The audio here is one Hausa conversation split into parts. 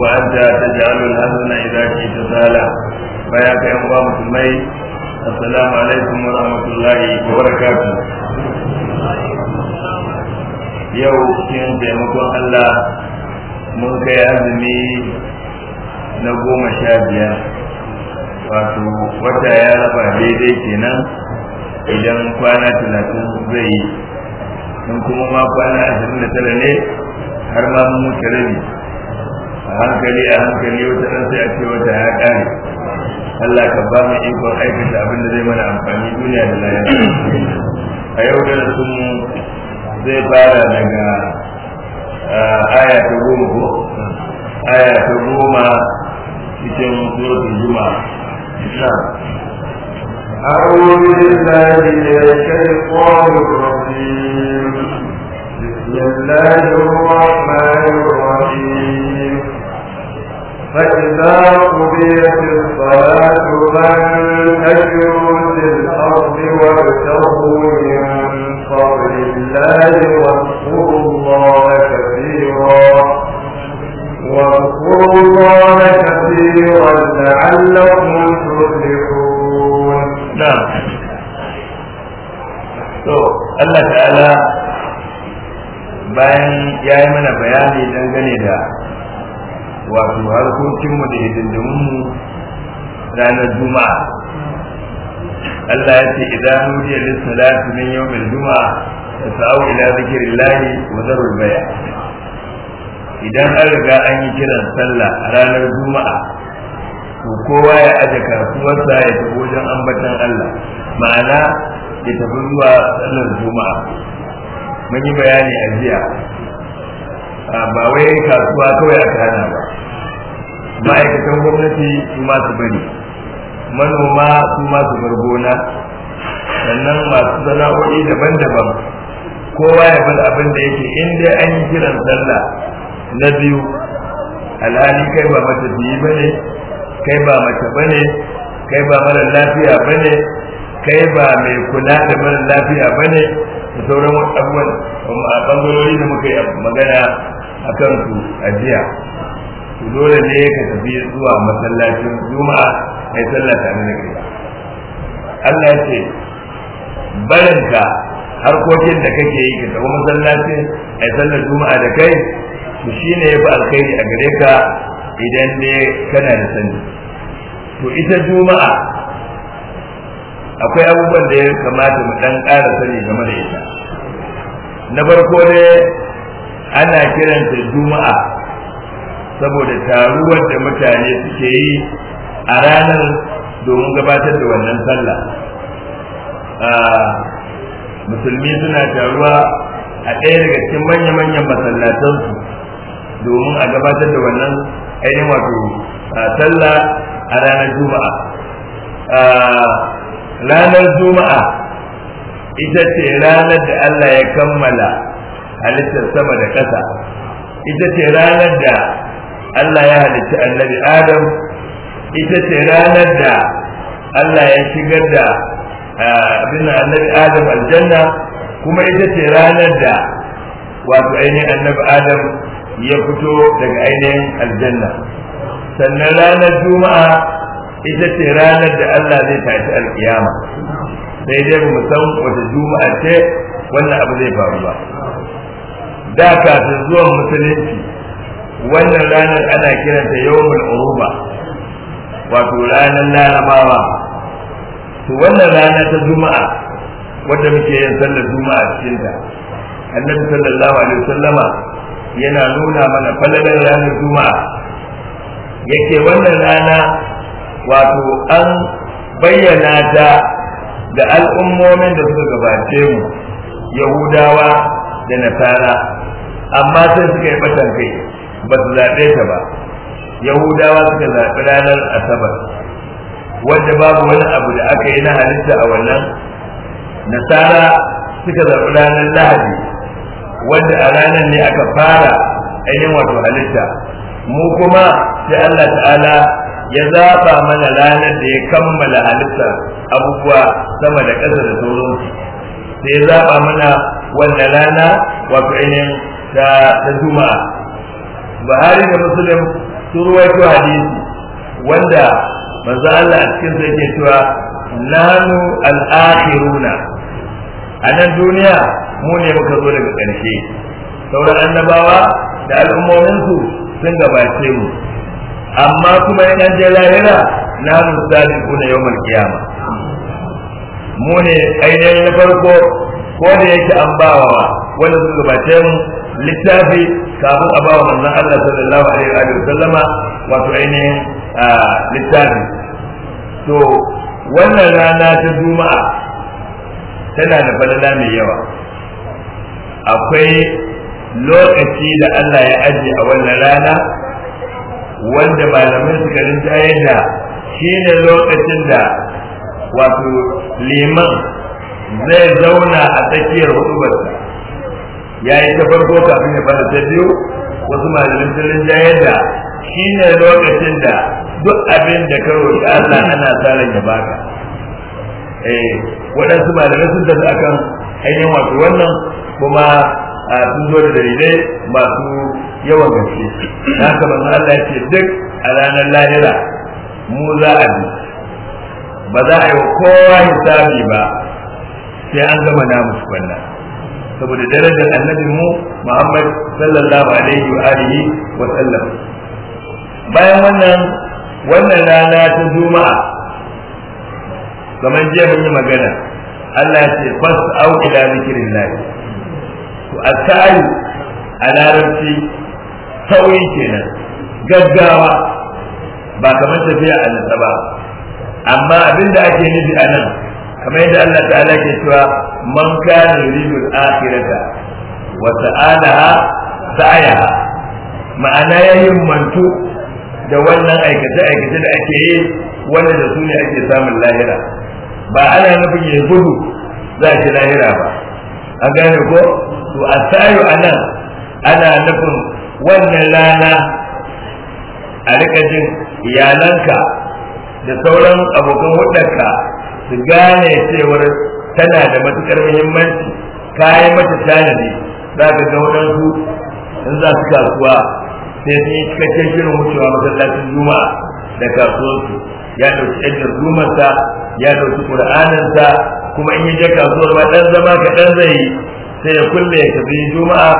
وأنت ta الحزن إذا شئت سهلا فياك يا أخوة مسلمي السلام عليكم ورحمة الله وبركاته yau kin taimakon Allah mun kai azumi na goma sha biyar wato wata ya raba daidai kenan idan kwana talatin zai yi in kuma ma kwana ashirin da tara ne har ma mun wuce rabi a hankali a hankali wata ɗan sai a ce wata ya ƙare Allah ka ba mu ikon aikata abin da zai mana amfani duniya da lahira a yau da sun zai fara daga aya goma ko aya ta goma cikin suratul juma'a أعوذ بالله من الشيطان الرجيم بسم الله الرحمن الرحيم فإذا قضيت الصلاة فانتشروا في وابتغوا من فضل الله واذكروا الله كثيرا واذكروا الله كثيرا لعلكم تفلحون نعم to Allah ta'ala bayan ya yi mana bayani dangane da wato harkokinmu da mu ranar juma'a Allah ya ce idan nudiya lissalati min yawmil juma'a ta sa'u ila zikrillahi wa zarul baya idan an riga an yi kiran sallah a ranar juma'a to kowa ya aje kasuwarsa ya tafi wajen ambatan Allah ma'ana ya tafi zuwa sallar juma'a mun yi bayani a jiya ba wai kasuwa kawai a kana ba ma'aikatan gwamnati su masu bari manoma su masu gargona sannan masu sana'o'i daban-daban kowa ya bar abin da yake inda an yi kiran sallah na biyu alhali kai ba matafiyi ba ne kai ba mace ba ne kai ba mara lafiya ba ne kai ba mai kula da mara lafiya ba ne da sauran abubuwan a bangarori da muka yi magana a kansu a jiya to dole ne ka tafi zuwa masallacin juma'a kai sallah ta da kai Allah ya ce barinka harkokin da kake yi ka tafi masallacin kai sallar juma'a da kai to shine yafi alkhairi a gare ka idan ne kana da sani to ita juma'a akwai abubuwan da ya kamata mu dan ƙara sani game da ita na farko ne ana kiranta juma'a saboda taruwar da mutane suke yi a ranar domin gabatar da wannan sallah musulmi suna taruwa a ɗaya daga cikin manya-manyan masallatansu domin a gabatar da wannan ainihin wato sallah a ranar juma'a ranar juma'a ita ce ranar da Allah ya kammala halittar sama da ƙasa ita ce ranar da Allah ya halitta annabi Adam ita ce ranar da Allah ya shigar da abin annabi Adam aljanna kuma ita ce ranar da wato ainihin annabi Adam ya fito daga ainihin aljanna sannan ranar juma'a ita ce ranar da Allah zai tashi alkiyama sai dai mu san wata juma'a ce wannan abu zai faru ba da kafin zuwan musulunci wannan ranar ana kiranta yawmul uruba wato ranar larabawa to wannan rana ta juma'a wanda muke yin sallar juma'a cikin ta annabi sallallahu alaihi wasallama yana nuna mana falalar ranar juma'a yake wannan rana wato an bayyana ta da al'ummomin da suka gabace mu yahudawa da nasara amma sai suka yi batan kai ba su zaɓe ta ba yahudawa suka zaɓi ranar asabar wanda babu wani abu da aka yi na halitta a wannan nasara suka zaɓi ranar lahadi wanda a ranar ne aka fara ainihin wato halitta mu kuma sai Allah ta'ala ya zaɓa mana ranar da ya kammala halitta abubuwa sama da ƙasa da sauransu sai ya zaɓa mana wannan rana wato ainihin ta juma'a buhari da muslim sun ruwaito hadisi wanda manzo Allah a cikin sa yake cewa nanu al-akhiruna a nan duniya mu ne muka zo daga ƙarshe sauran annabawa da al'ummominsu sun gabace mu amma kuma ya an je lahira nanu sabiquna yawmal kiyama. mu ne ainihin na farko ko da yake an bawa wanda sun gabace mu littafi kafin a bawa manzon Allah sallallahu alaihi wa sallama wato ainihin littafi to wannan rana ta juma'a tana da falala mai yawa akwai lokaci da Allah ya aje a wannan rana wanda malamai suka rinta yadda shi ne lokacin da wato liman zai zauna a tsakiyar hudubarsa ya yi ta farko kafin ya fara ta biyu wasu malamin sirrin jayar da shi ne lokacin da duk abin da ka roƙi Allah ana tsarin ya baka eh waɗansu malamin sun tafi akan hanyar wato wannan kuma a ah, sun zo da dalilai masu yawan gaske na kamar Allah ce duk a ranar lahira mu za a bi ba za a yi kowa hisabi ba sai an gama namu wannan saboda darajar annabi mu Muhammad sallallahu alaihi wa alihi wa sallam bayan wannan wannan rana ta juma'a kamar jiya mun yi magana Allah ya ce fas au ila zikrillah to asai a larabci sauyi kenan gaggawa ba kamar tafiya a ba amma abinda ake nufi anan. kamar yadda Allah ta'ala ke cewa man kana yuridu al-akhirata wa ta'alaha sa'ayaha ma'ana yayin mantu da wannan aikace aikace da ake yi wanda da su ne ake samun lahira ba ana nufin ya gudu za shi lahira ba an gane ko to a sayo anan ana nufin wannan rana a iyalanka da sauran abokan hudarka su gane cewar tana da matukar muhimmanci kayan mata tanadi za ka ga waɗansu in za su kasuwa sai sun yi cikakken shirin wucewa masallacin juma'a da kasuwarsu ya ɗauki ɗan jarzumarsa ya ɗauki ƙur'aninsa kuma in yi je kasuwar ma ɗan zama ka ɗan zai sai ya kulle ya tafi juma'a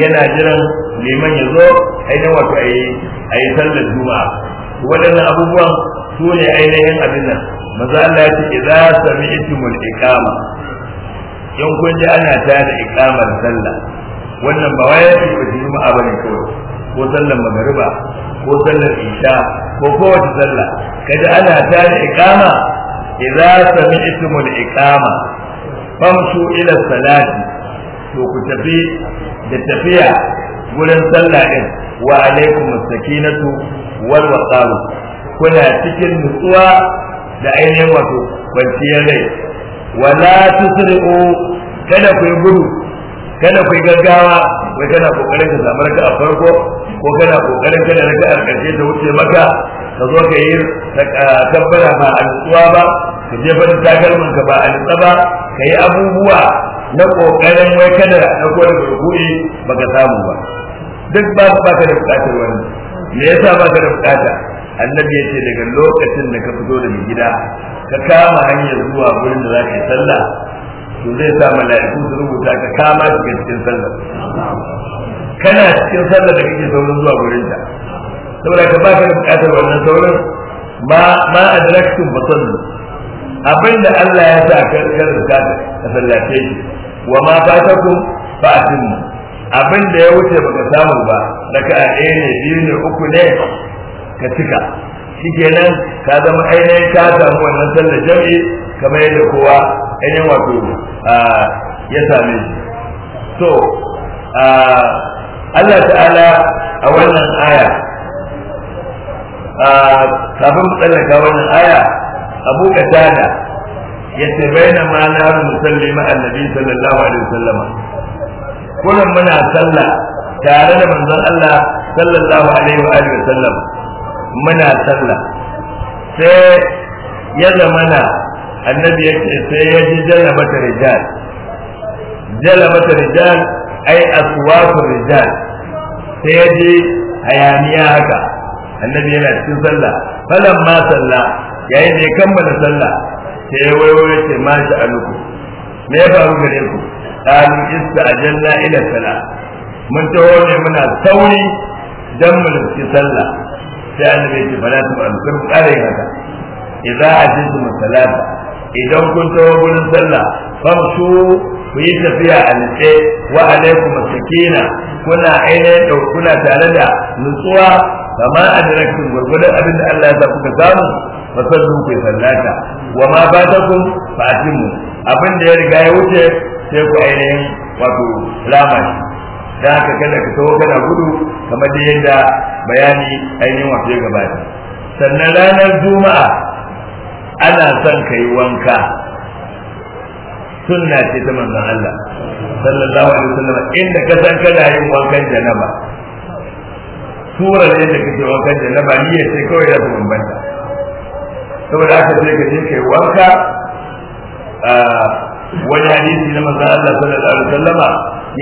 yana jiran liman ya zo ainihin wato a yi sallar juma'a waɗannan abubuwan su ne ainihin abin nan maza Allah ya ce idza sami'tumul iqama yan kun ji ana ta da iqamar sallah wannan ba wai yake ba juma'a bane kawai ko sallar magariba ko sallar isha ko kowace sallah kaji ana ta da iqama idza sami'tumul iqama famshu ila salati to ku tafi da tafiya gurin sallah din wa alaikum as-sakinatu wal waqaru kuna cikin nutsuwa da ainihin wato kwanciyar rai wala tusri'u kada ku yi gudu kada ku yi gaggawa wai kana kokarin ka samu raka'a farko ko kana kokarin kada raka'ar karshe ta wuce maka ka zo ka yi tabbara ba a nutsuwa ba ka je da takalmin ka ba a nutsa ba ka yi abubuwa na kokarin wai kada na kowane rukuri baka samu ba duk ba ka da bukatar wani me yasa ba ka da bukata annabi yace daga lokacin da ka fito daga gida ka kama hanyar zuwa gurin da za ka yi sallah to zai sa mala'iku su rubuta ka kama shi cikin sallah kana cikin sallah da kake saurin zuwa gurin ta saboda ka ba ka da bukatar wannan saurin ma ma adraktum Abin abinda Allah ya sa ka karanta ka sallace shi wa ma fatakum a atimmu abin da ya wuce baka samu ba daga ɗaya ne biyu ne uku ne ka cika Shi nan ka zama ainihin ka samu wannan sallar jam'i kamar yadda kowa ainihin wato ya same shi so Allah ta'ala a wannan aya kafin mu tsallaka wannan aya abu katada ya ce bayyana ma na musalli annabi sallallahu alaihi wasallama kullum muna sallah tare da manzon Allah sallallahu alaihi wa alihi wasallam muna sallah sai ya zamana annabi ya ce sai ya ji jalabata rijal jalabata rijal ai aswatu rijal sai ya ji hayaniya haka annabi yana cikin sallah falan ma sallah yayin da ya kammala sallah sai ya wayo ce ma sha'anuku me ya faru gare ku qalu ista'jalna ila salah mun taho ne muna sauri dan mu nufi sallah sai annabi ya ta ba kar ku kare haka idza ajizu masalata idan kun taho gurin sallah famshu ku yi tafiya a nitse wa alaikum sakina kuna ainihin kuna tare da nutsuwa kama adraktum gurgudan abin da Allah ya sa kuka samu fasallu ku wa ma batakum fa abin da ya riga ya wuce sai ku ainihin wato lamari da haka kada ka tawo kana gudu kamar da yadda bayani ainihin wato ya gabata sannan ranar juma'a ana son ka yi wanka sunna ce ta manzon Allah sallallahu alaihi wasallam inda ka san kana yin wankan janaba surar yadda kake wankan janaba niyyar sai kawai da bambanta saboda haka sai ka je kai wanka ah, wani hadisi na masa Allah sallallahu alaihi wasallama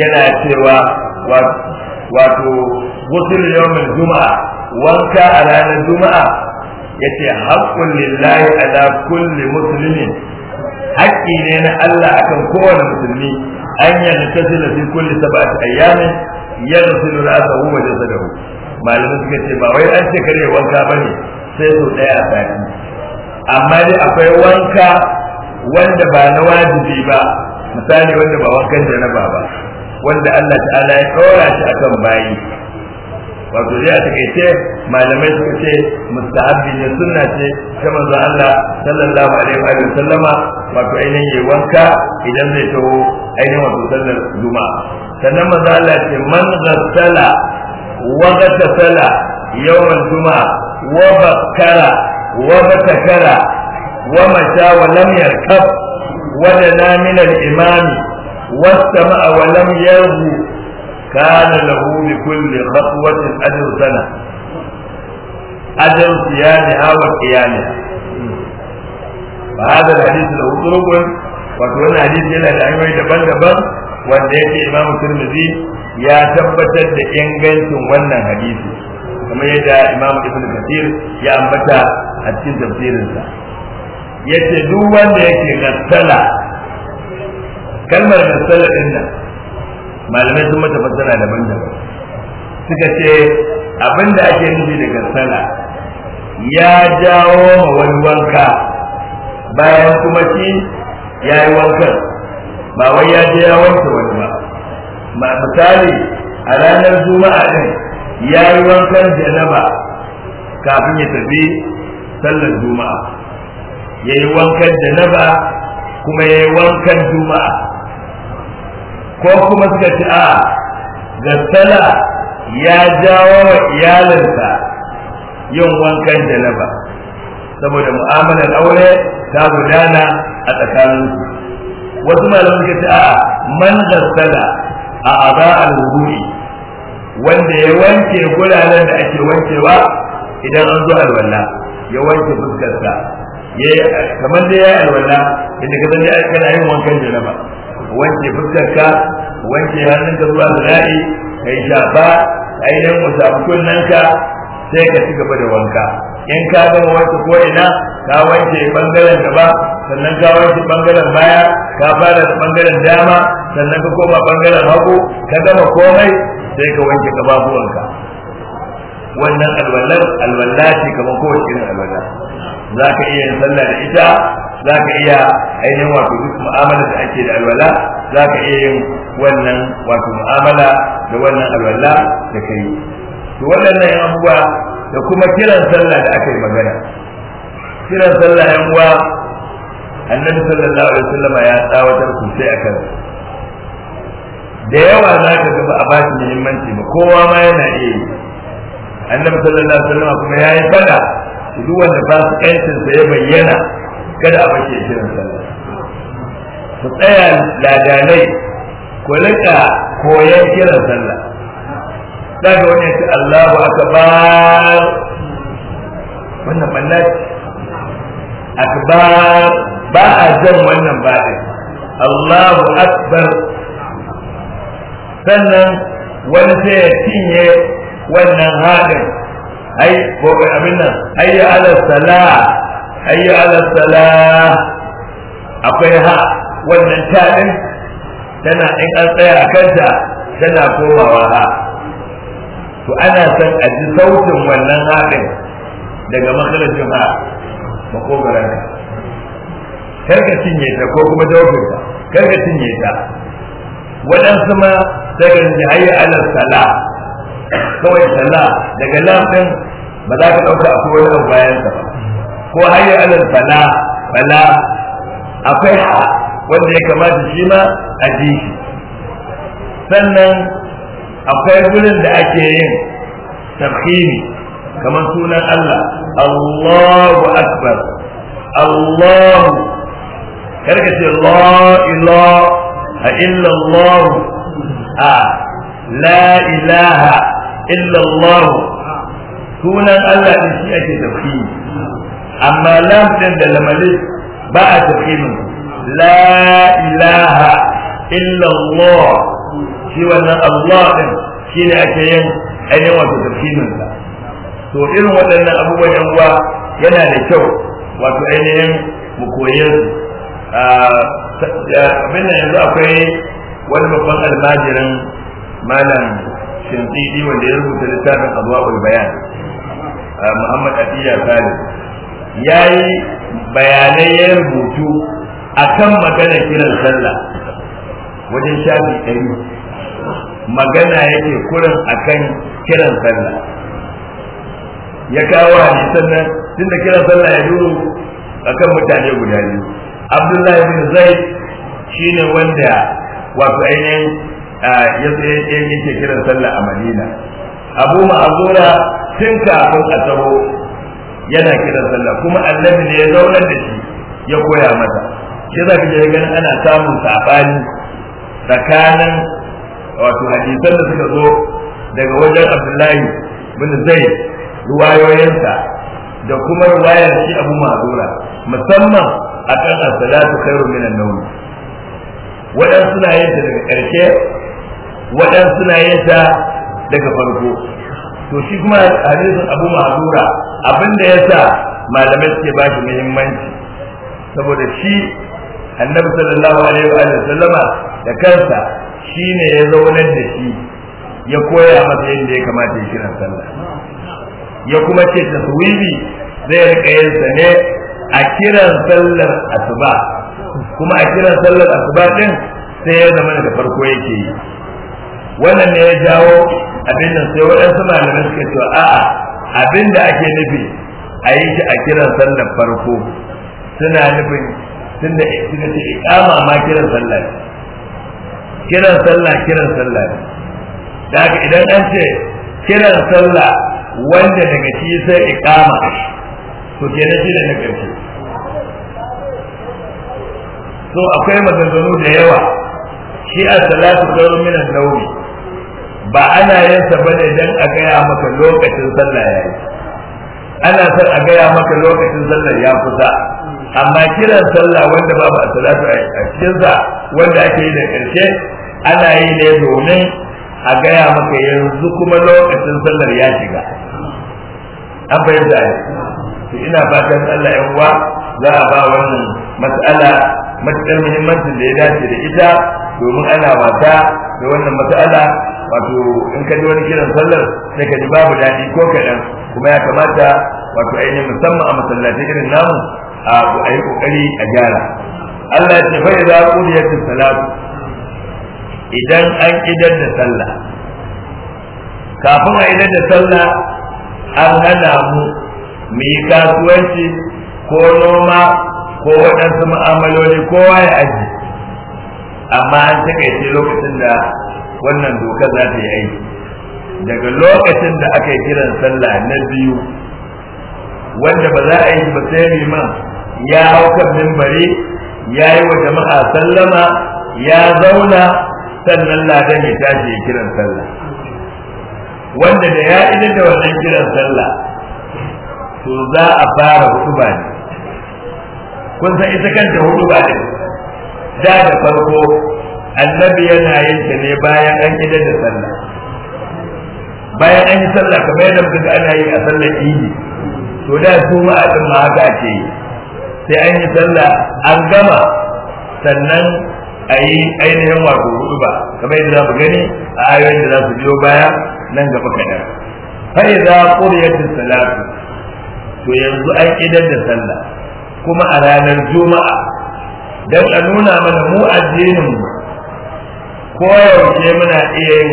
yana cewa wato gusul yawmin juma'a wanka a ranar juma'a yace haqqul lillahi ala kulli muslimin haƙƙi ne na Allah akan kowane musulmi an yana tasila fi kulli sab'ati ayyamin yaghsilu ra'sahu wa jasadahu malamin suka ce ba wai an ce kare wanka bane sai sau ɗaya a sati amma dai akwai wanka wanda ba na wajibi ba misali wanda ba wankan janaba ba wanda Allah ta'ala ya kora shi akan bayi wato ya ce, malamai suka ce mustahabbi ne sunna ce ta manzo Allah sallallahu alaihi wa sallama wato ainihin yi wanka idan zai taho ainihin wato sallar juma'a sannan manzo Allah ce man ghassala wa ghassala yawm al-juma'a wa bakkara wa bakkara ومشى ولم يركب ودنا من الإمام واستمع ولم يرهو كان له بكل خطوة أجر سنة أجر صيامها وقيامها فهذا الحديث له طرق وكون الحديث هنا لأنه دبن دبن wanda yake Imam Tirmidhi ya tabbatar da ingancin wannan hadisi kamar yadda Imam Ibn Kathir ya ambata a yace duk wanda yake gassala kalmar gassala din nan malamai sun mata fassara daban-daban suka ce abinda ake nufi da gassala ya jawo ma wani wanka bayan kuma shi ya yi wankan ba wai ya je ya wanke wani ba ma misali a ranar juma'a din ya yi wankan janaba kafin ya tafi sallar juma'a ya yi wankan janaba kuma ya wankan juma'a ko kuma suka ci a ga sala ya jawo wa iyalinsa yin wankan da janaba saboda mu'amalar aure ta gudana a su wasu malamu suka ce a man sala a aba al-wudu'i wanda ya wanke guraren da ake wankewa idan an zo alwala ya wanke fuskarsa kamar da ya yi alwala inda ka zai aika na yin wankan jaraba wanke fuskarka wanke hannunka zuwa zira'i ka yi shafa ainihin musamman nanka sai ka ci gaba da wanka in ka gama wanke ko ina ka wanke bangaren gaba sannan ka wanke bangaren baya ka fara da bangaren dama sannan ka koma bangaren hagu ka gama komai sai ka wanke gababuwanka wannan alwallar alwalla ce kamar kowace irin alwalla za ka iya yin sallah da ita za ka iya ainihin wato duk mu'amala da ake da alwala za ka iya yin wannan wato mu'amala da wannan alwala da ka yi to waɗannan yan uwa da kuma kiran sallah da aka yi magana kiran sallah yan uwa annabi sallallahu alaihi wasallama ya tsawatar sosai akan da yawa za ka ga ba a ba shi muhimmanci ba kowa ma yana iya annabi sallallahu alaihi wasallam kuma yi fada duk wanda ba su kancin sa ya bayyana kada a bace shirin sallah su tsaya ladanai ku rika koyan kiran sallah daga wani ya ce Allahu akbar wannan banna akbar ba a jan wannan ba din Allahu akbar sannan wani sai ya cinye wannan haɗin ai ko abin nan ayya ala sala ayya ala sala akwai ha wannan taɗin tana in an tsaya a kanta tana komawa ha to ana son a ji sautin wannan haɗin daga makarajin ha makogaran kar ka cinye ta ko kuma jawabin ta kar ka cinye ta waɗansu ma sai ka ji ala sala kawai sala daga lafin ba za ka ɗauka a kowane abu bayan sa ko hayya alal fala fala akwai ha wanda ya kamata shi ma a ji shi sannan akwai gurin da ake yin tafhimi kamar sunan Allah Allahu akbar Allahu karka ce la ilaha illa Allah a la ilaha illa Allah sunan Allah din shi ake tafi, amma lam din da lamali ba a tafsirin la ilaha illa Allah shi wannan Allah din shi ne ake yin ainihin wato tafi sa to irin waɗannan abubuwan yan uwa yana da kyau wato ainihin mu koye abin da yanzu akwai wani babban almajirin malam shinzidi wanda ya rubuta littafin adwa'ul bayan Muhammad Atiya Salim yayi bayanai ya rubutu akan magana kiran sallah wajen shafi ɗari magana yake kurin akan kiran sallah ya kawo hadisan nan tunda kiran sallah ya duru akan mutane guda biyu Abdullahi bin Zaid shine wanda wato ainihin ya yake kiran sallah a madina abu ma'azura tun kafin a taho yana kiran sallah kuma annabi ne ya zauna da shi ya koya masa. shi za ka je ganin ana samun sabani tsakanin wato hadisan da suka zo daga wajen abdullahi bin zai ruwayoyinsa da kuma ruwayar shi abu ma'azura musamman a kan asalatu khairu minan nawm waɗansu na yin daga ƙarshe waɗansu na yasa daga farko to shi kuma hadisin abu mahdura abinda ya sa malamai suke ba shi muhimmanci saboda shi annabi sallallahu alaihi wa sallama da kansa shi ne ya zaunar da shi ya koya masa yadda ya kamata ya kira sallah ya kuma ce taswibi zai rika yin sa ne a kiran sallar asuba kuma a kiran sallar asuba din sai ya zama da farko yake yi wannan ne ya jawo abin da sai waɗansu malamai suka cewa a'a abin da ake nufi a yi shi a kiran sallar farko suna nufin tun da suka ce ikama ma kiran sallar. kiran sallah kiran sallah da haka idan an ce kiran sallah wanda daga shi sai ikama to na shi da na ƙarfi so akwai maganganu da yawa shi a salatu kawai minan nauyi ba ana yin sa bane dan a gaya maka lokacin sallah yayi ana son a gaya maka lokacin sallah ya kusa amma kiran sallah wanda babu salatu a cikin sa wanda ake yi da karshe ana yi ne domin a gaya maka yanzu kuma lokacin sallar ya shiga an da ne ina fatan Allah yan uwa za a ba wannan mas'ala matakar muhimmancin da ya dace da ita domin ana wata da wannan mas'ala wato in ka ji wani kiran sallar sai ka ji babu daɗi ko kaɗan kuma ya kamata wato ainihin musamman a masallatai irin namu a yi ƙoƙari a gyara Allah ya ce fa idza qudiyatis salatu idan an idar da sallah kafin a idar da sallah an hana mu mu yi kasuwanci ko noma ko waɗansu mu'amaloli kowa ya aji amma an takaice lokacin da wannan doka za ta yi aiki daga lokacin da aka yi kiran sallah na biyu wanda ba za a yi ba sai liman ya hau kan mimbari ya yi wa jama'a sallama ya zauna sannan ladan ya tashi ya kiran sallah wanda da ya idan da wannan kiran sallah to za a fara hutuba ne kun san ita kanta hutuba ne da da farko annabi yana yin ta ne bayan an yi da sallah bayan an yi sallah kamar yadda muka ana yi a sallar idi to da su ma a cikin haka ce sai an yi sallah an gama sannan a yi ainihin wato hudu ba kamar yadda za mu gani a ayoyin da za su biyo baya nan gaba kaɗan fa idza quriyatis salatu to yanzu an idan da sallah kuma a ranar juma'a dan a nuna mana mu addinin mu koyaushe muna iya yin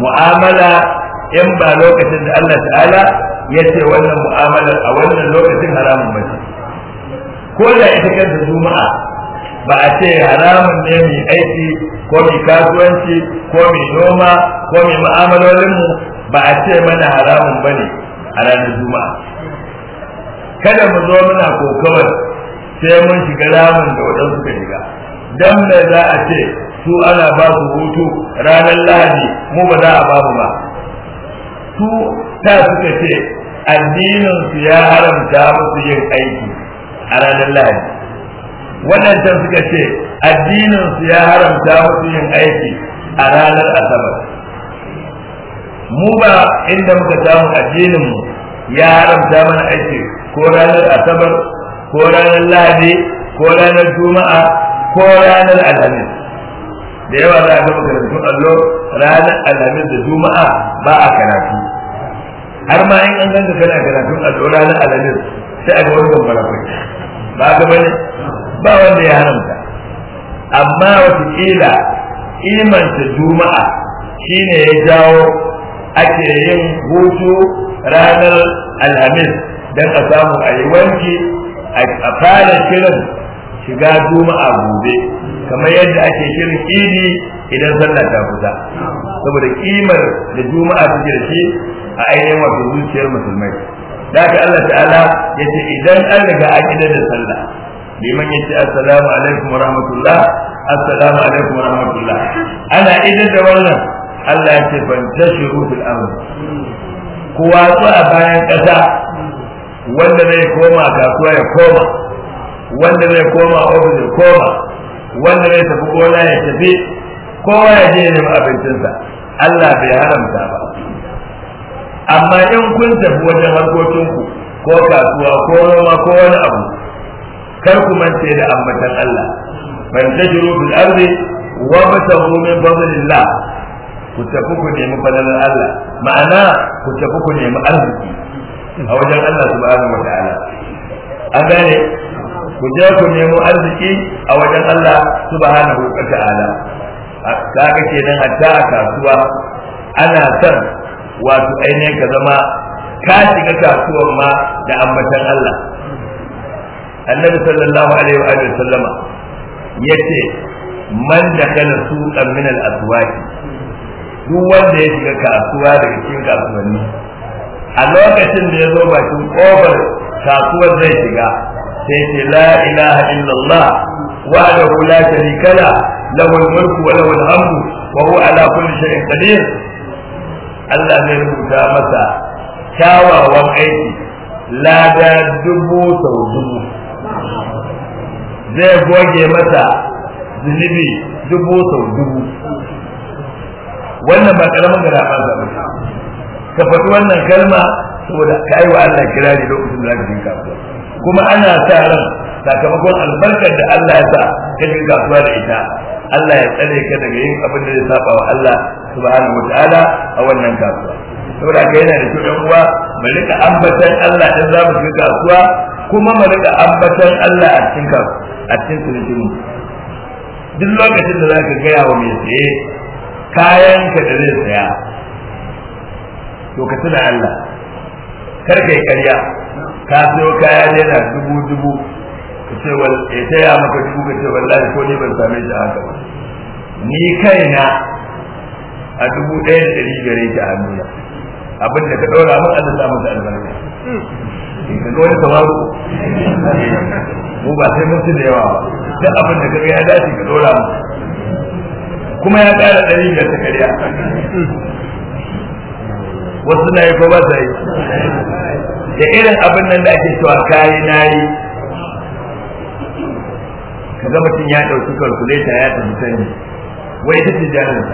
mu'amala in ba lokacin da Allah ta'ala ya ce wannan mu'amalar a wannan lokacin haramun ba ko da ita kanta juma'a ba a ce haramun ne mai aiki ko mai kasuwanci ko mai noma ko mai mu'amalolinmu ba a ce mana haramun ba ne a ranar juma'a kada mu zo muna kokawar sai mun shiga ramin da waɗansu ka shiga don da za a ce su ana ba su hutu ranar lahadi mu ba za a ba ba su ta suka ce addinin su ya haramta musu yin aiki a ranar lahadi waɗancan suka ce addinin su ya haramta musu yin aiki a ranar asabar mu ba inda muka samu addinin mu ya haramta mana aiki ko ranar asabar ko ranar lahadi ko ranar juma'a ko ranar alhamis da yawa za a ga makarantu allo ranar alhamis da juma'a ba a karatu har ma in an ganga kana karatun allo ranar alhamis sai a ga wani gambara kai ba ga bane ba wanda ya haramta amma wataƙila imanta juma'a shine ya jawo ake yin hutu ranar alhamis don a samu a yi wanki a fara shirin shiga juma'a gobe kamar yadda ake shirin idi idan sallah ta kusa saboda kimar da juma'a ta da shi a ainihin wato zuciyar musulmai da haka Allah ta'ala ya ce idan an riga a da sallah liman ya ce assalamu alaikum wa rahmatullah assalamu alaikum wa rahmatullah ana idan da wannan Allah ya ce ban tashiru fil amr ku watsu a bayan ƙasa wanda zai koma kasuwa ya koma wanda zai koma ofis ya koma wanda zai tafi ko wani ya tafi ko ya je ya nemi abincinsa Allah bai haramta ba amma in kun tafi wajen ku ko kasuwa ko noma ko wani abu kar ku mance da ambatan Allah ban tajiru fil ardi wa batahu min fadlillah ku tafi ku nemi fadlan Allah ma'ana ku tafi ku nemi arziki a wajen Allah subhanahu ta'ala an gane ku je ku nemo arziki a wajen Allah subhanahu wa ta'ala kaga kenan hatta a kasuwa ana son wato ainihin ka zama ka shiga kasuwar ma da ambatan Allah annabi sallallahu alaihi wa sallama yace man da su suqan min al-aswaq duk wanda ya shiga kasuwa daga cikin kasuwanni a lokacin da ya zo bakin kofar kasuwar zai shiga sai la ilaha illallah وحده لا شريك له له الملك وله wa وهو على كل شيء قدير Allah ne rubuta masa kyawawan aiki lada dubu sau dubu zai goge masa zunubi dubu sau dubu wannan ba karamin gara ba za ka faɗi wannan kalma saboda ka yi wa Allah kirari lokacin da za ka kasuwa kuma ana sa ran sakamakon albarkar da Allah ya sa ka yi kasuwa da ita Allah ya tsare ka daga yin abin da zai saba wa Allah subhanahu wataala a wannan kasuwa saboda ka yana da kyau dan uwa mu rika ambatan Allah in za mu shiga kasuwa kuma mu rika ambatan Allah a cikin kasuwa a cikin sulukin duk lokacin da zaka ka gaya wa mai saye kayan ka da zai saya to ka tuna Allah kar ka yi ka sayo kaya naira dubu dubu ya taya maka dubu ka ce wallahi ko ni ban same shi haka ba ni kaina a dubu ɗaya da ɗari gare ki a nuna abin da ka ɗora mun Allah ta masa albarka ka ga wani tawaru mu ba sai mun ci da yawa duk abin da ka ga ya dace ka ɗora mu kuma ya ƙara ɗari biyar ta ƙarya wasu na yi ko ba sa yi da irin abin nan da ake cewa kayi nayi kaga mutum ya ɗauki calculator ya tafi sani wai ta tijanin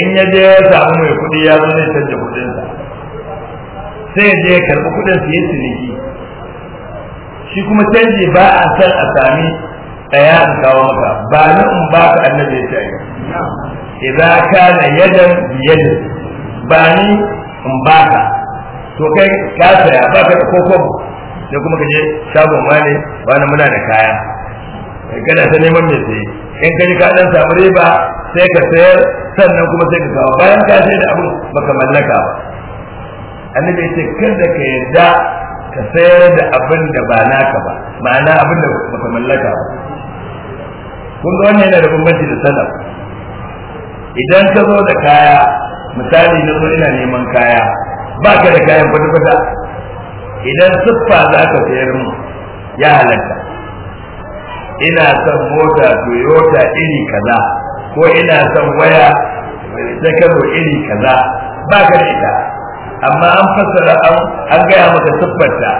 in ya je ya samu mai kuɗi ya zo zai canja kuɗinsa sai ya je ya karɓi kuɗin su yi ciniki shi kuma canji ba a san a sami ɗaya a kawo maka ba na in ba ka annabi ya ce ka kana yadan biyadin ba ni in ba ka to kai ka saya ba ka da kokon sai kuma ka je shagon ba na muna da kaya kana ta neman mai sai in ka ka dan samu riba sai ka sayar sannan kuma sai ka kawo bayan ka sai da abin baka mallaka ba annabi kar da ka yadda ka sayar da abin da ba naka ba ma'ana abin da baka mallaka ba kun ga wannan yana da bambanci da salaf idan ka zo da kaya misali na zo ina neman kaya ba ka da kayan kwata-kwata idan siffa za ka sayar mu ya halatta ina son mota toyota iri kaza ko ina son waya ta kano iri kaza ba ka da ita amma an fassara an gaya maka siffarta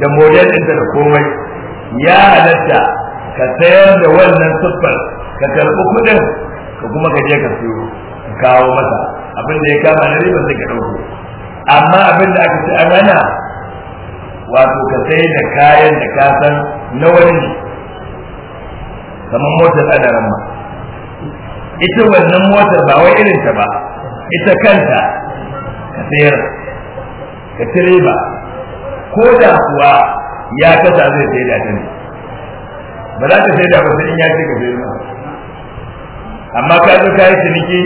da model ɗinta da komai ya halatta ka sayar da wannan siffar ka karɓi kuɗin ka kuma ka je ka siyo kawo masa abin da ya kama na riba sai ka ɗauko amma abin da aka ce an hana wato ka sai da kayan da ka san na wani ne kamar motar adaran ma ita wannan motar ba wai irin ta ba ita kanta ka sayar ka ci ba ko da kuwa ya kasa zai sai da ta ne ba za ka sai da ba in ya ce ka sai ba amma ka zo ka yi ciniki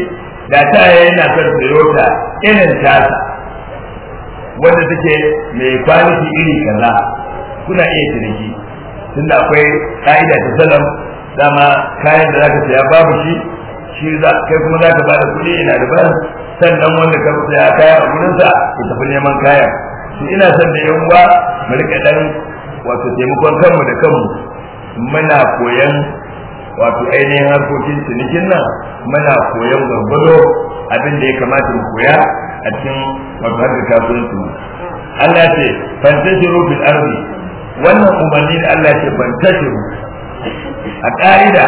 da ta yana son Toyota irin tasa wanda take mai kwanaki iri kaza kuna iya ciniki tunda akwai ka'ida ta salam dama kayan da zaka saya babu shi shi za kai kuma zaka bada kuɗi ina da ban sannan wanda ka saya kaya a gurinsa ya tafi neman kaya shi ina son da yan uwa mu rika dan wato taimakon kanmu da kanmu muna koyan wato ainihin harkokin cinikin nan muna koyan gwargwado abinda ya kamata mu koya a cikin wato harkar kasuwanci Allah ce fantashiru fil ardi wannan umarni da Allah ce fantashiru a ƙa'ida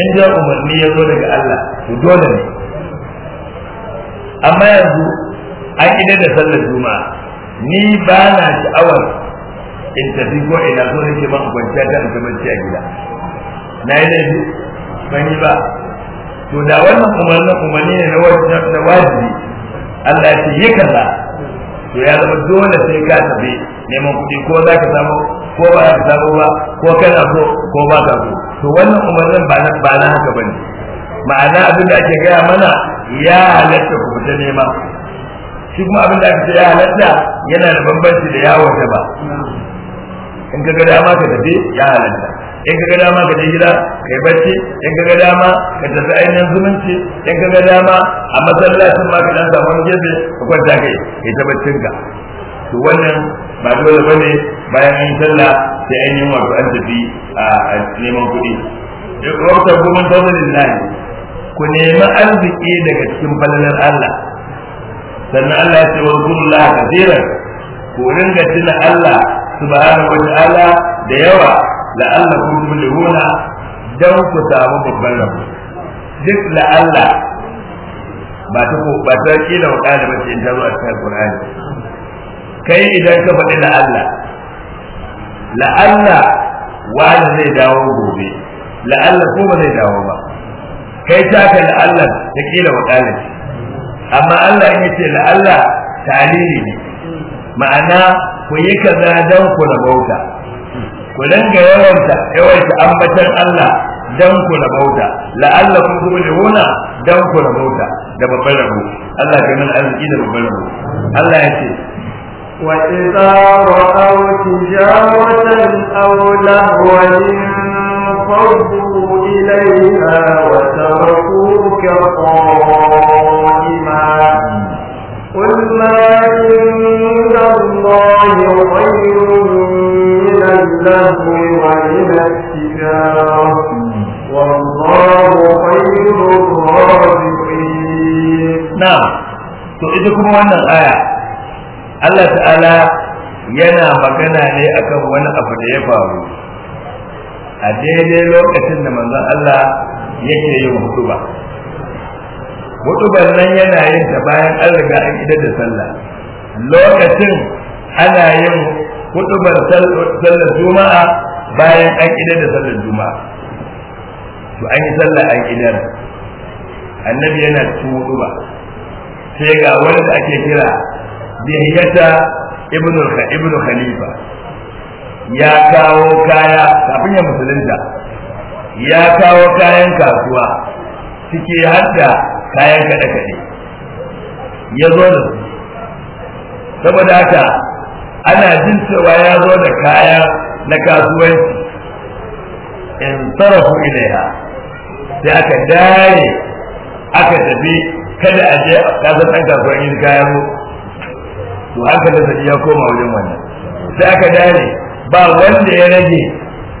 in dai umarni ya zo daga Allah to dole ne amma yanzu an ƙida da sallar juma'a ni ba na sha'awar in tafi ko ina so ke ban kwanciya ta in tabbaci a gida na yi laifi ban yi ba to da wannan umarnin umarni ne na wajibi Allah ya ce yi kaza to ya zama dole sai ka tabe neman kuɗi ko za ka samu ko ba ka samu ba ko kana so ko ba ka so to wannan umarnin ba na ba na haka bane ma'ana abin da ake gaya mana ya halatta ku fita nema shi kuma abin da aka ce ya halatta yana da bambanci da yawon ba in ka ga dama ka tafi ya halatta in kaga dama ka je gida ka yi bacci in kaga dama ka tafi ainihin zumunci in kaga dama a masallacin ma ka dan samu wani gefe ka kwanta kai yi ta baccin ka to wannan ba dole bane bayan an sallah sai an yi wato an tafi a neman kuɗi goma kuma na ne ku nemi arziki daga cikin falalar Allah sannan Allah ya ce wa kullu kaseeran ku ringa tuna Allah subhanahu wa ta'ala da yawa La'alla la'allakum tuflihuna don ku samu babban rabo duk la'alla ba ta ko ba ta kila wa kana bace in tazo a cikin Qur'ani kai idan ka faɗi la'alla la'alla wani zai dawo gobe la'alla ko ba zai dawo ba kai ta ka la'alla ta kila wa kana amma Allah in ce la'alla talili ne ma'ana ku yi kaza don ku na bauta. ku dinga yawanta yawaita ambatan Allah dan ku kuma la'allakum wuna, dan ku rabauta da babban rabo Allah ya mana arziki da babban rabo Allah ya ce وإذا رأوا تجارة أو لهوا انفضوا إليها وتركوك قائما قل ما عند الله خير من اللهو duk wannan aya Allah ta'ala yana magana ne akan wani abu da ya faru a daidai lokacin da manzon Allah yake yin hutuba hutubar nan yana yin ta bayan an riga an idar da sallah lokacin ana yin kutubar sallar juma'a bayan an idar da sallar juma'a to an yi sallar an idar annabi yana cikin kutuba sai ga wani da ake kira bihiyata ibnu ibnu khalifa ya kawo kaya kafin ya musulunta ya kawo kayan kasuwa suke hadda kayan kaɗe-kaɗe ya zo da su saboda haka ana jin cewa ya zo da kaya na kasuwanci in tarafu ilaiha sai aka dare aka tafi kada a je kasar ɗan kasuwan yin kaya mu to haka da ya koma wajen wannan sai aka dare ba wanda ya rage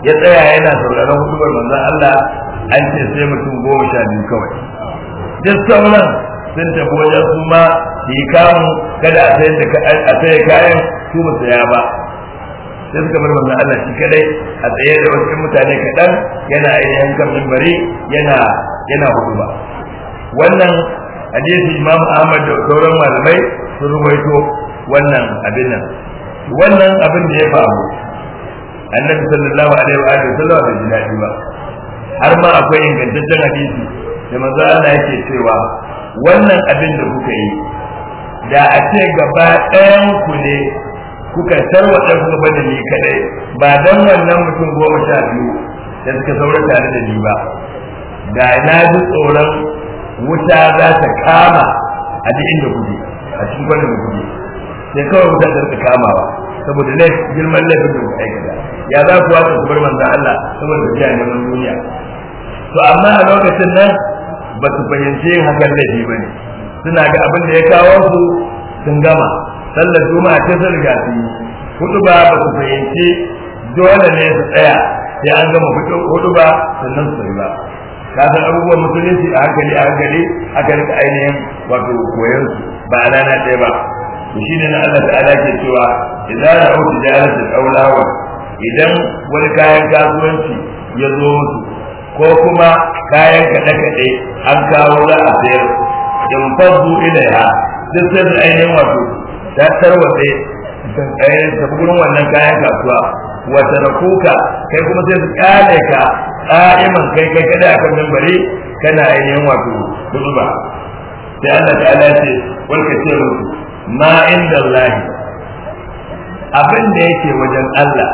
ya tsaya yana sauraron hudubar manzon Allah an ce sai mutum goma sha biyu kawai duk sauran sun tafi wajen su ma su yi kamu kada a da kayan su ba saya ba sai suka bar manzon Allah shi kadai a tsaye da wasu mutane kaɗan yana ainihin kan mimbari yana yana ba. wannan hadisi Imam Ahmad da sauran malamai sun rubaito wannan abin nan wannan abin da ya faru annabi sallallahu alaihi wa alihi sallallahu alaihi wa sallam ba har ma akwai ingantaccen hadisi da manzo Allah yake cewa wannan abin da kuka yi da a ce gaba ɗayan ku ne kuka ɗan kuka bada ni kadai ba dan wannan mutum goma sha biyu da suka saura tare da ni ba da na ji tsoron wuta za ta kama a duk inda kuke a cikin kwanan da kuke sai kawai wuta ta rika kamawa saboda ne girman laifin da kuka aikata ya za ku wata su bar manzan Allah saboda jiya neman duniya to amma a lokacin nan ba su fahimci yin hakan laifi ba ne suna ga abin da ya kawo su sun gama sallar juma'a ta sun su yi hudu ba ba su fahimci dole ne su tsaya sai an gama hudu ba sannan su ba ka abubuwan musulunci a hankali a hankali aka rika ainihin wato koyon su ba a rana ɗaya ba to ne na Allah ta'ala ke cewa idan ra'u tijaratu aw idan wani kayan kasuwanci ya zo musu ko kuma kayan kaɗe-kaɗe an kawo za a sayar in fadu ya duk sai da ainihin wato ta tarwatse ainihin tafi wannan kayan kasuwa wata kuka kai kuma sai su kyale ka ƙa'iman kai kai kada kan mimbari kana ainihin wato zuba. sai Allah ta'ala ce wal kasiru ma inda lahi. abin da yake wajen Allah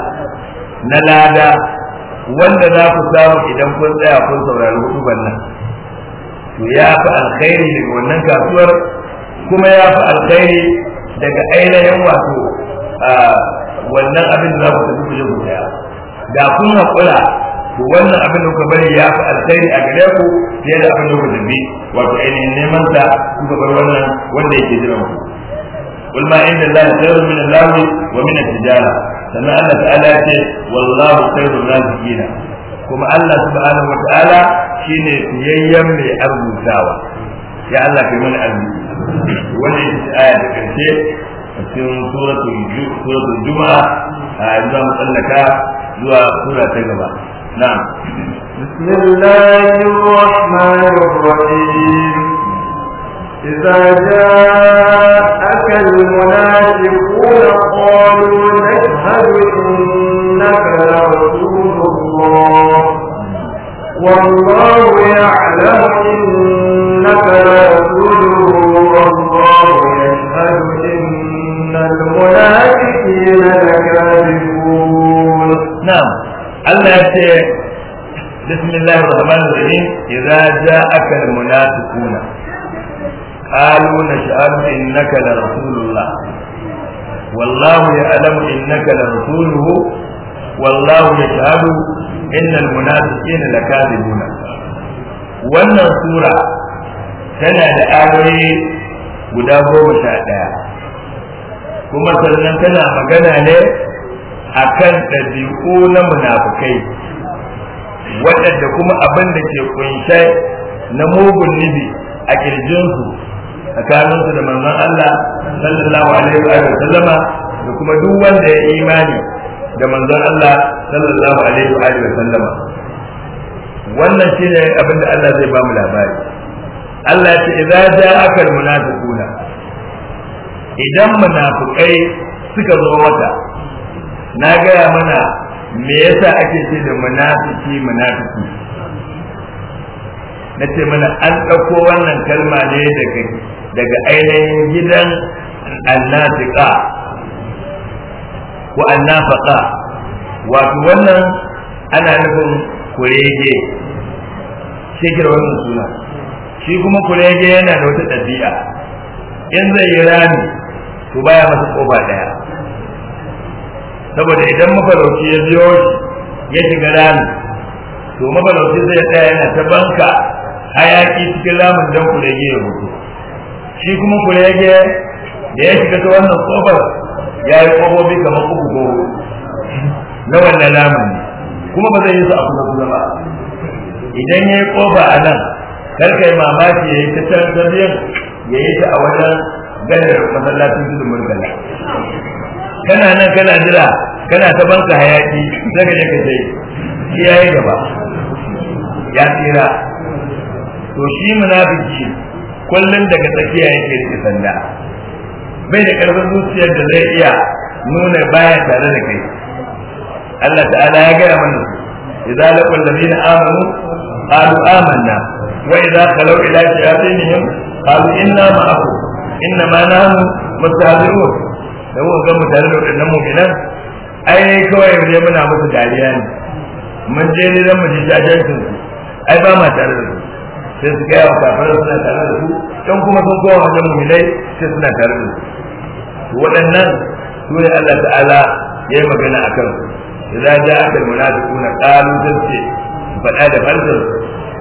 na lada wanda za ku samu idan kun tsaya kun saurari hudubar nan to ya fi alkhairi daga wannan kasuwar kuma ya fi alkhairi daga ainihin wato wannan abin da za ku tafi ku je ku saya da kun haƙura to wannan abin da kuka bari ya fi alkhairi a gare ku fiye da abin da kuka tafi wato ainihin neman sa kuka bar wannan wanda yake jiran ku قل ما عند الله خير من اللغو ومن التجاره sannan Allah ta'ala ce wallahu khairur raziqin kuma Allah subhanahu wa ta'ala shine fiyayyen mai arzutawa ya Allah kai mana arziki wannan ita aya ta karshe cikin suratul suratul juma'a a yanzu mu zuwa sura ta gaba na'am بسم الله الرحمن الرحيم إذا جاءك المنافقون قالوا نشهد إنك لرسول الله والله يعلم إنك لرسوله والله يشهد إن المنافقين لكاذبون نعم الله بسم الله الرحمن الرحيم إذا جاءك المنافقون قالوا nash'alu innaka لرسول الله wallahu يعلم innaka لرسوله rasuluhu wallahu yashhadu المنافقين لكاذبون wannan sura tana da ayoyi guda goma sha ɗaya kuma sannan tana magana ne akan ɗabi'u na munafukai waɗanda kuma abin ke kunshe na mugun nibi a ƙirjinsu tsakaninsu da manzon Allah sallallahu alaihi wa sallama da kuma duk wanda ya imani da manzon Allah sallallahu alaihi wa sallama wannan shine abin da Allah zai ba mu labari Allah ya ce idza ja'aka munafiquna idan munafiqai suka zo wata, na gaya mana me yasa ake ce da munafiki munafiki na ce mana an ɗauko wannan kalma ne daga daga ainihin gidan annatiqa ko annafaqa wato wannan ana nufin kurege shekar wannan suna shi kuma kurege yana da wata ɗabi'a in zai yi rami to baya masa kofa ɗaya saboda idan mafarauci ya biyo shi ya shiga rami to mafarauci zai tsaya yana ta banka hayaki cikin lamun don kurege ya mutu shi kuma kurege da ya shiga ta wannan kofar ya yi kofofi kamar uku ko na wannan naman ne kuma ba zai yi su a kusa kusa ba idan ya yi kofa a nan karka yi mamaki ya yi ta tarbiyyar ya yi ta a wajen gadar masallacin tudun murtala kana nan kana jira kana ta banka hayaki sai ka je ka sai shi yayi gaba ya tsira to shi munafiki kullum daga tsakiya yake rike sanda bai da karfin zuciyar da zai iya nuna baya tare da kai Allah ta'ala ya gaya mana idza laqul ladina amanu qalu amanna wa idza khalaw ila shayatinihim qalu inna ma'akum inna ma nahnu mutahadirun da mun ga mutane da wadannan mu'minan ai ne kawai mu je muna musu dariya ne mun je ne dan mu ji jajancin ai ba ma tare da sai su gaya wa kafirai suna tare da su don kuma sun kowa wajen muminai sai suna tare da su waɗannan su ne Allah ta'ala ya yi magana a kan idan ja aka munafiquna qalu sun ce faɗa da farkin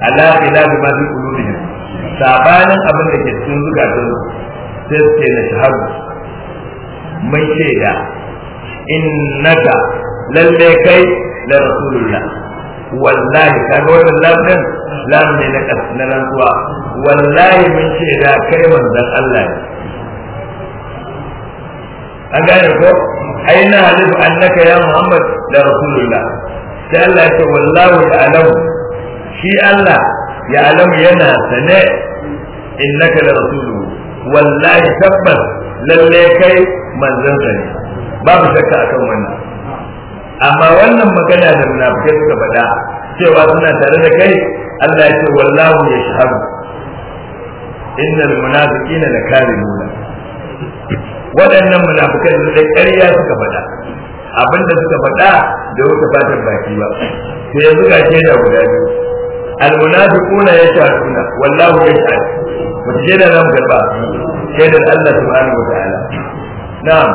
ala ilahi ma fi qulubihim sabanin abin da ke cikin zukatan sai su ce na shahadu mai shaida innaka lalle kai la rasulullah wallahi ka kaga wannan lafin lam ne na na rantsuwa wallahi mun ce da kai manzon Allah ne an gane ko ai na halifu annaka ya Muhammad da Rasulullah sai Allah ya ce wallahu alamu, shi Allah ya alamu yana sane innaka da rasuluhu wallahi tabbas lalle kai manzon sa ne babu shakka akan wannan amma wannan magana da munafikai suka faɗa cewa suna tare da kai Allah ya ce wallahu ya yashhadu innal munafiqina lakazibun waɗannan munafikan da ƙarya suka faɗa abinda suka faɗa da wuta fatar baki ba sai yanzu ga shaida guda biyu almunafiquna yashhaduna wallahu yashhad wata shaida zamu karba shaidar Allah subhanahu wa ta'ala na'am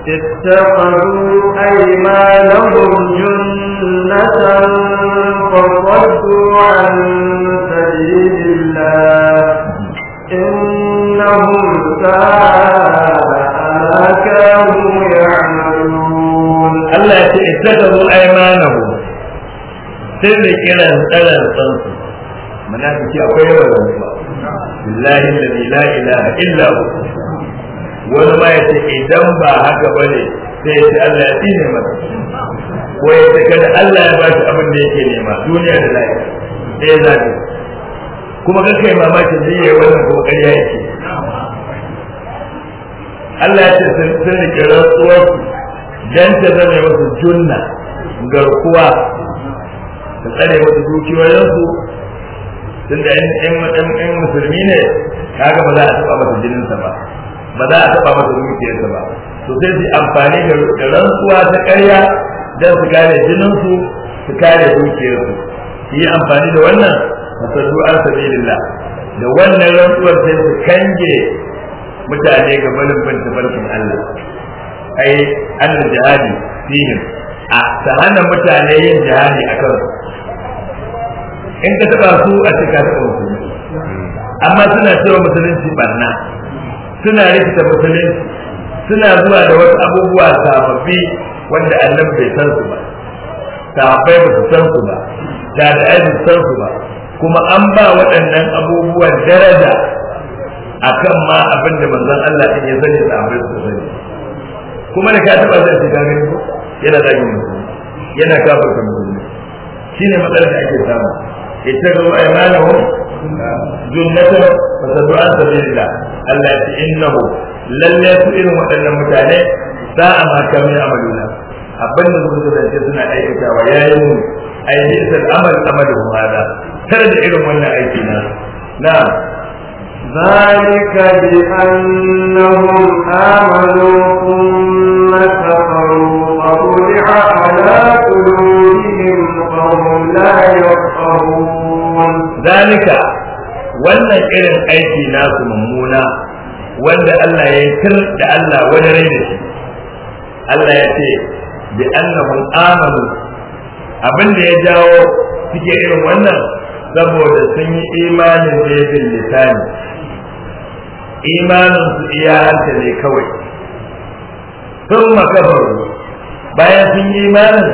اتخذوا أيمانهم جنة فصدوا عن سبيل الله إنهم ساء ما كانوا يعملون الله اتخذوا أيمانهم سر كلا سلا صنصر منافسي أقوى ولا بالله الذي لا إله إلا هو wani ma ya ce idan ba haka ba ne sai ya ce Allah ya tsine masa ko ya ce kada Allah ya bashi abin da yake nema duniya da lafiya sai za ka kuma kanka yi mamaki zai yi wannan kuma ƙarya yake Allah ya ce sun rike rantsuwarsu dan ta zama masu junna garkuwa ta tsare masu dukiyoyinsu tun da in musulmi ne kaga ba za a taɓa masa jininsa ba ba za a taba masa dukiyarsa ba to sai su amfani da rantsuwa ta ƙarya don su kare jinin su kare dukiyarsu su yi amfani da wannan masallu an sabilillah da wannan rantsuwar sai su kange mutane ga malubin tabarkin Allah ai da jihadi fihim a ta hana mutane yin jihadi a kansu in ka taba su a cikin ta amma suna cewa musulunci barna suna da musulunci suna zuwa da wasu abubuwa sababbi wanda annabi bai san su ba sahabbai ba su san su ba da da ai san su ba kuma an ba waɗannan abubuwan daraja akan ma abin da manzon Allah din ya sani sahabbai su sani kuma da ka taba sai ka gani ko yana da musulmi yana kafirta musulmi shine matsalar da ake samu ita ga ayyana junnatan fa sadu an sabilillah Allah ya innahu lalle su irin waɗannan mutane a ma kamar amaluna abin da suka zance suna aikatawa yayi mu ayyisa amal amal hada tare da irin wannan aiki na na'am ذلك بأنهم آمنوا ثم كفروا فطبع على zalika wannan irin aiki nasu mummuna wanda Allah ya kir da Allah wani rai da shi Allah ya ce bi annahum amanu abin da ya jawo suke irin wannan saboda sun yi imanin da ya bin lisani imanin su iya hanta ne kawai sun makabaru bayan sun yi imanin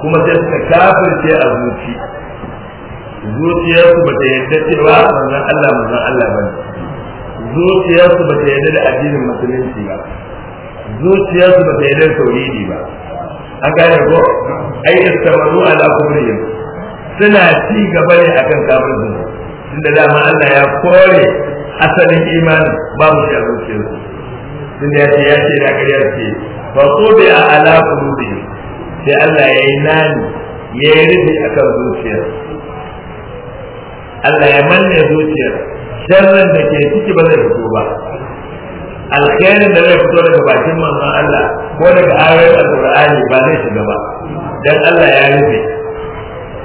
kuma sai suka kafirce a zuci zuciyarsu ba ta yadda cewa manzon Allah manzon Allah ba zuciyarsu ba ta yadda da addinin musulunci ba zuciyarsu ba ta yadda tauhidi ba an gane ko ai istamaru ala kufrihim suna ci gaba ne akan kafirin tunda dama Allah ya kore asalin imani babu shi a zuciyarsu tunda ya ce ya ce da kariya ce fa qudi ala qulubihim sai Allah ya yi nani ya yi rufi akan zuciyarsu Allah ya manne zuciyar sharrin da ke ciki ba zai fito ba alkhairin da zai fito daga bakin manzon Allah ko daga ayoyin alqur'ani ba zai shiga ba dan Allah ya rufe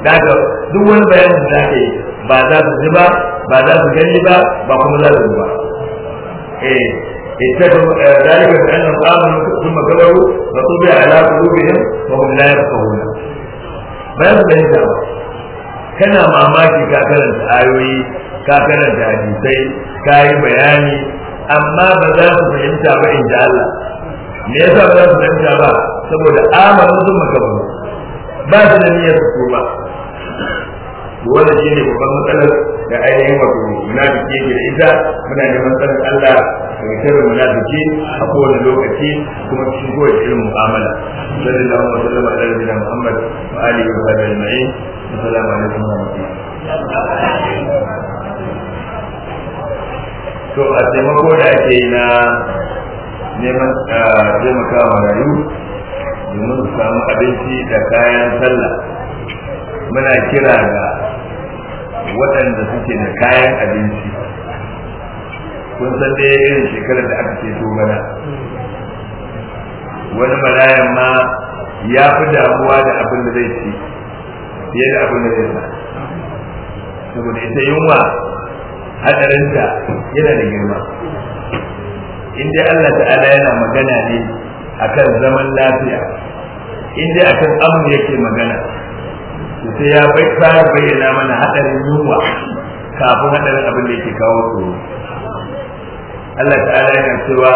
daga duk wani bayanin da ake ba za su ji ba ba za su gani ba ba kuma za su ba eh da ذلك بانهم امنوا ثم كفروا فطبع على قلوبهم وهم لا يفقهون ba su gani ba kana mamaki ka karanta ayoyi ka karanta hadisai ka yi bayani amma ba za su fahimta ba in Allah me yasa ba za su fahimta ba saboda amanu sun maka ba su da niyyar su ba wannan shi ne babban matsalar da ainihin wato munafiki ke da ita muna neman tsarin Allah daga sharrin munafiki a kowane lokaci kuma cikin kowace irin mu'amala sallallahu alaihi wa sallam ala nabiyina muhammad wa alihi wa sahbihi ajma'in assalamu alaikum wa rahmatullahi to a taimako da ake yi na neman taimakawa rayu domin su samu abinci da kayan sallah muna kira ga waɗanda suke da kayan abinci kun san da irin shekarar da aka ceto mana wani malayan ma ya fi damuwa da abin da zai ci fiye da abin da zai sa saboda ita yunwa hadarinta yana da girma in dai Allah ta'ala yana magana ne akan zaman lafiya in dai akan amu yake magana sai ya bai fara bayyana mana hadarin yunwa kafin hadarin abin da yake kawo tsoro Allah ta ta'ala yana cewa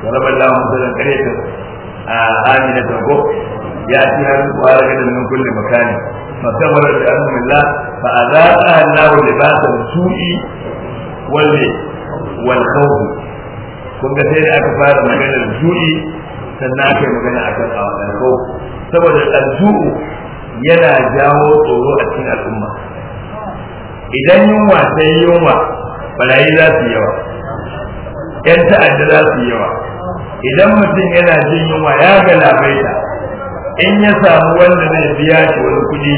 ضرب الله مثلا قرية آمنة ko يأتي هذا من كل مكان فكفرت بأنعم الله فأذاقها الله لباس السوء والخوف kun ga sai da aka fara maganar ju'i sannan aka yi magana akan alkau saboda alju'u yana jawo tsoro a cikin al'umma idan yunwa sai yunwa barayi za su yawa yan ta'adda za su yawa idan mutum yana jin yunwa ya galabaita in ya samu wanda zai biya shi wani kuɗi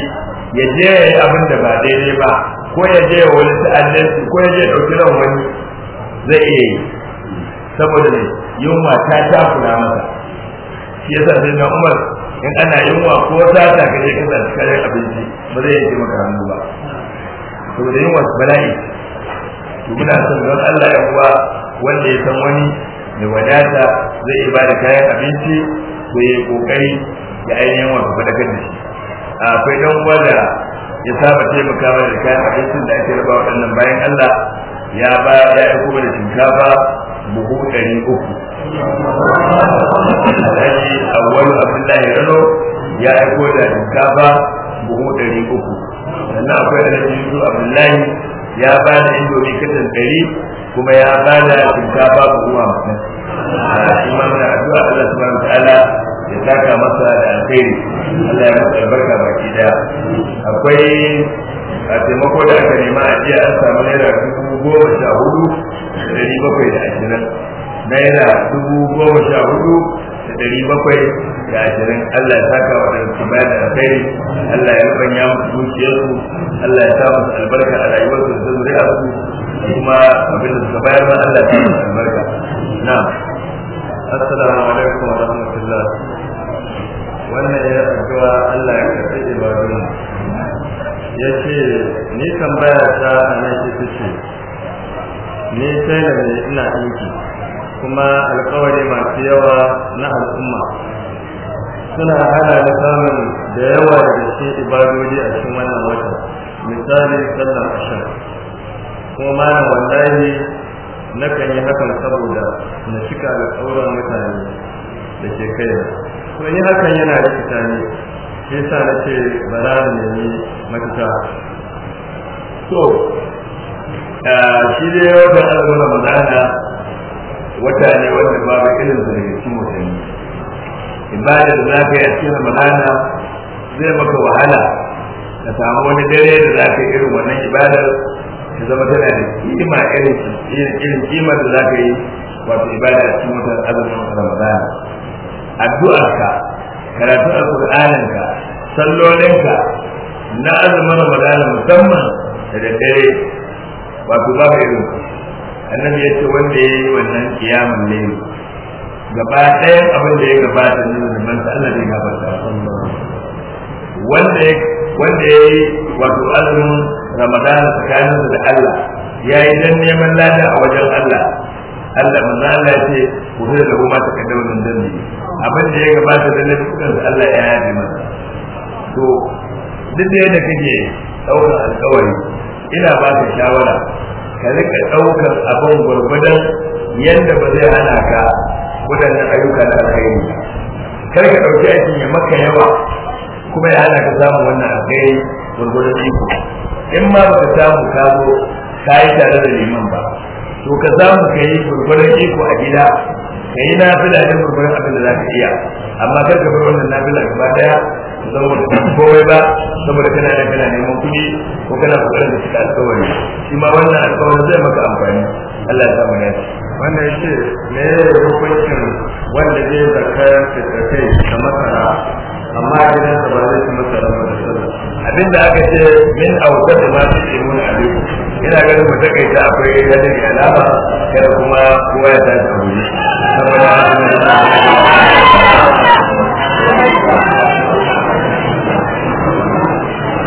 ya je ya yi abin da ba daidai ba ko ya je ya wani ta'addanci ko ya je ya ɗauki ran wani zai iya yi saboda ne yunwa ta takura masa shi ya sa sai na umar in ana yunwa ko ta ta kaje ka zai kare abinci ba zai yi maka hannu ba saboda yunwa su bala'i to muna son don Allah ya uwa wanda ya san wani mai wadata zai iya bada kayan abinci ko ya yi kokari ya ainihin wasu fadakar da shi akwai dan uwa da ya saba taimaka mana da kayan abincin da ake raba waɗannan bayan Allah ya ba ya kuma da shinkafa buhu ɗari uku alhaji awwal abdullahi rano ya aiko da shinkafa buhu ɗari uku sannan akwai alhaji yusuf abdullahi ya ba da indomi kitan dari kuma ya ba da shinkafa ga uwa mutum ah, shi ma addu'a Allah subhanahu ta'ala ya saka masa da alheri Allah ya masa albarka baki da akwai a taimako da aka nema a jiya an samu naira dubu goma sha hudu da dari bakwai da ashirin naira dubu goma sha hudu da dari bakwai da ashirin Allah ya saka wa daga su bayan da kai Allah ya rubanya musu zuciyarsu Allah ya sa musu albarka a rayuwarsu da zuriyarsu kuma abin da suka bayar ma Allah ya sa musu albarka na'am assalamu alaikum wa rahmatullah wannan ya addu'a Allah ya karɓi ibadun ya ce ni tambaya ta a nan ita ce ni sai ne ina ɗinki kuma alkawari masu yawa na al'umma suna hana ni samun da yawa daga ke ibadodi a cikin wannan wata misali sallar asha kuma mana wallahi kan yi hakan saboda na cika da alƙawuran mutane da ke kai. to yi hakan yana da mutane, shi yasa na ce bara mu nemi mafita So shi dai wata alwala magana wata ne wanda babu irin zargi cikin watanni Ibadar da za ka yi a cikin zai maka wahala ka samu wani dare da za ka yi irin wannan ibadar ta zama tana da kima irin kimar da za ka yi wato ibada a cikin wata azumin ramadana addu'arka karatun alƙur'aninka sallolinka na azumin ramadana musamman da daddare wato ba ka irin annabi ya ce wanda ya yi wannan kiyamun laifi gaba ɗayan abin da ya gabata ne da manta Allah ne gabata wanda ya wanda ya yi wato azumin ramadana tsakanin da Allah ya yi dan neman lada a wajen Allah Allah manzo Allah ce ku hira da kuma takaddama min dambi abin da ya gabata da kuka da Allah ya yi masa to duk da yadda kake daukar alƙawari ina ba ka shawara ka rika daukar abin gurgudan yadda ba zai hana ka waɗannan ayyuka na alkhairi kar ka ɗauki aikin ya maka yawa kuma ya hana ka samu wannan alkhairi gurgurdan iko in ma ba ka samu ka zo ka yi tare da liman ba to ka samu ka yi gurgurdan iko a gida ka yi fi ne gurgurdan abin da za ka iya amma kar ka bar wannan na nafila ba daya saboda kowai ba saboda kana da kana neman kuɗi ko kana kokarin da suka alkawari shi ma wannan alkawarin zai maka amfani Allah ya samu ne wannan yace me hukuncin wanda zai zakar fitakai da masara amma gidan sa ba zai ci masara ba da sallah abinda aka ce min auta da ma su ce mun ali ina ganin mu take ta akwai yadda alama kada kuma kowa ya ta a wuri saboda